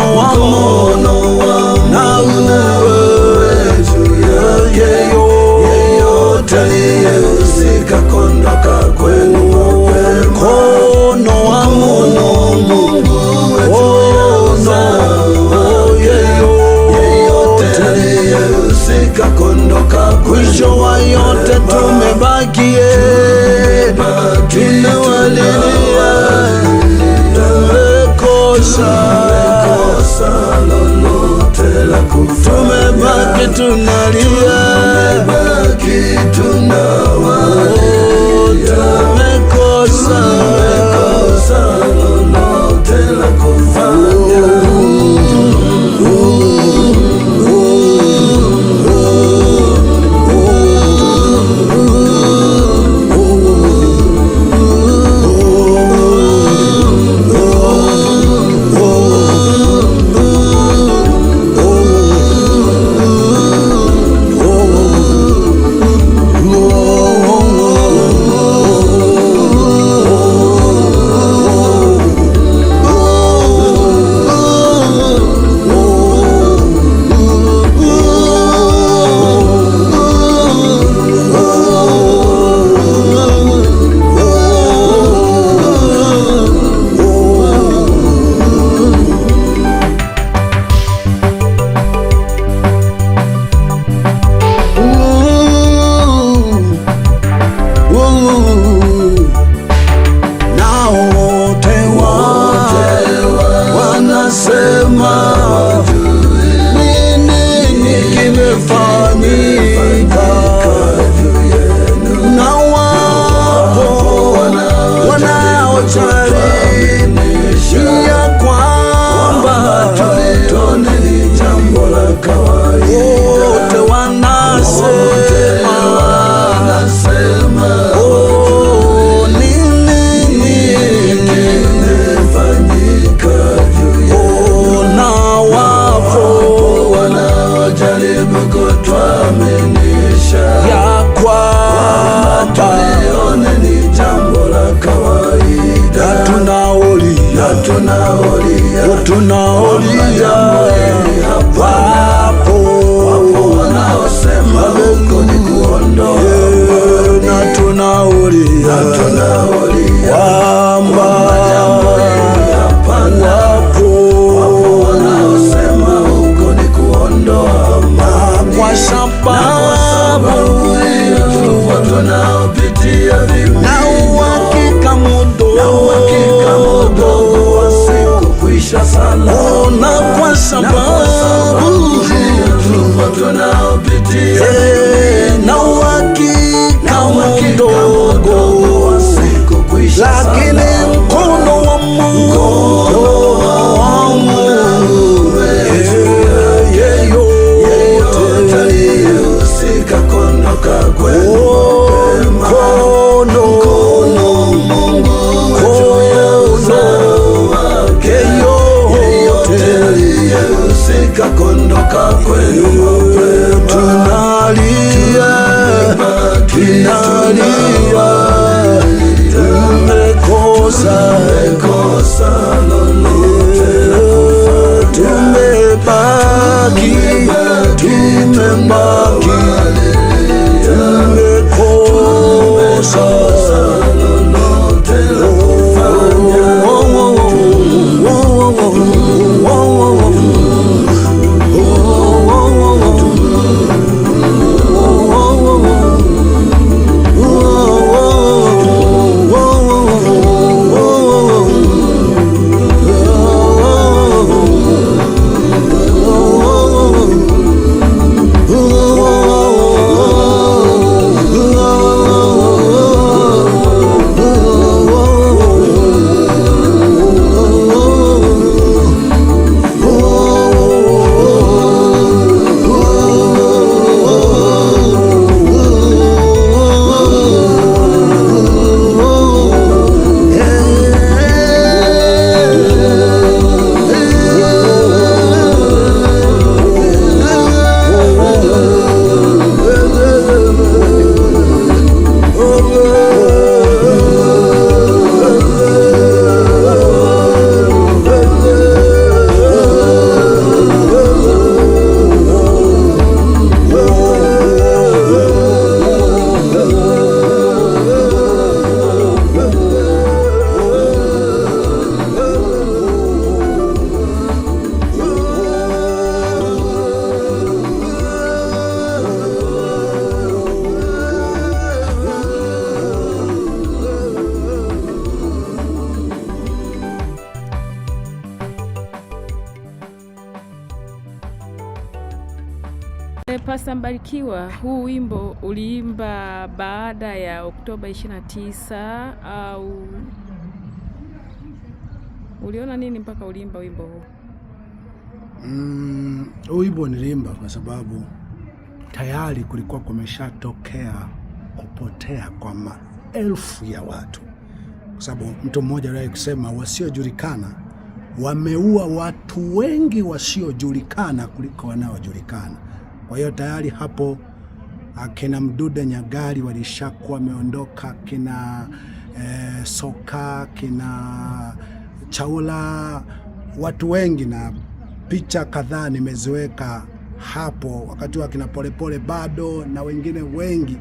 mkono wako na uwe juu ya yeyote aliyehusika kuondoka kwenu mkono mwisho wa yote tumebakie tunawalia tumekosa tunalia, tumebaki tuna Allah tunaolia wapo wanaosema huko ni kuondoa, na tunaolia kwamba wapo wanaosema huko ni kuondoa, kwa sababu tunaopitia vima sababu kakondo kakwenu Eh, Pasta Mbarikiwa, huu wimbo uliimba baada ya Oktoba 29 au uliona nini mpaka uliimba wimbo huu? Mm, huu wimbo niliimba kwa sababu tayari kulikuwa kumeshatokea kupotea kwa maelfu ya watu, kwa sababu mtu mmoja aliwahi kusema wasiojulikana wameua watu wengi wasiojulikana kuliko wanaojulikana kwa hiyo tayari hapo akina Mdude Nyagali walishakuwa wameondoka, kina e, eh, Soka kina Chaula, watu wengi, na picha kadhaa nimeziweka hapo, wakati wakina kina Polepole bado na wengine wengi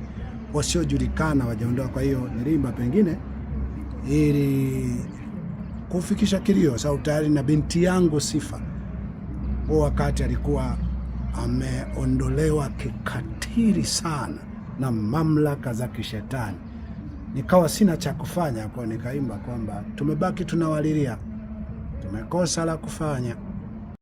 wasiojulikana wajaondoka. Kwa hiyo nilimba pengine ili kufikisha kilio, sababu tayari na binti yangu Sifa huo wakati alikuwa ameondolewa kikatiri sana na mamlaka za kishetani. Nikawa sina cha kufanya kwa, nikaimba kwamba tumebaki tunawalilia, tumekosa la kufanya.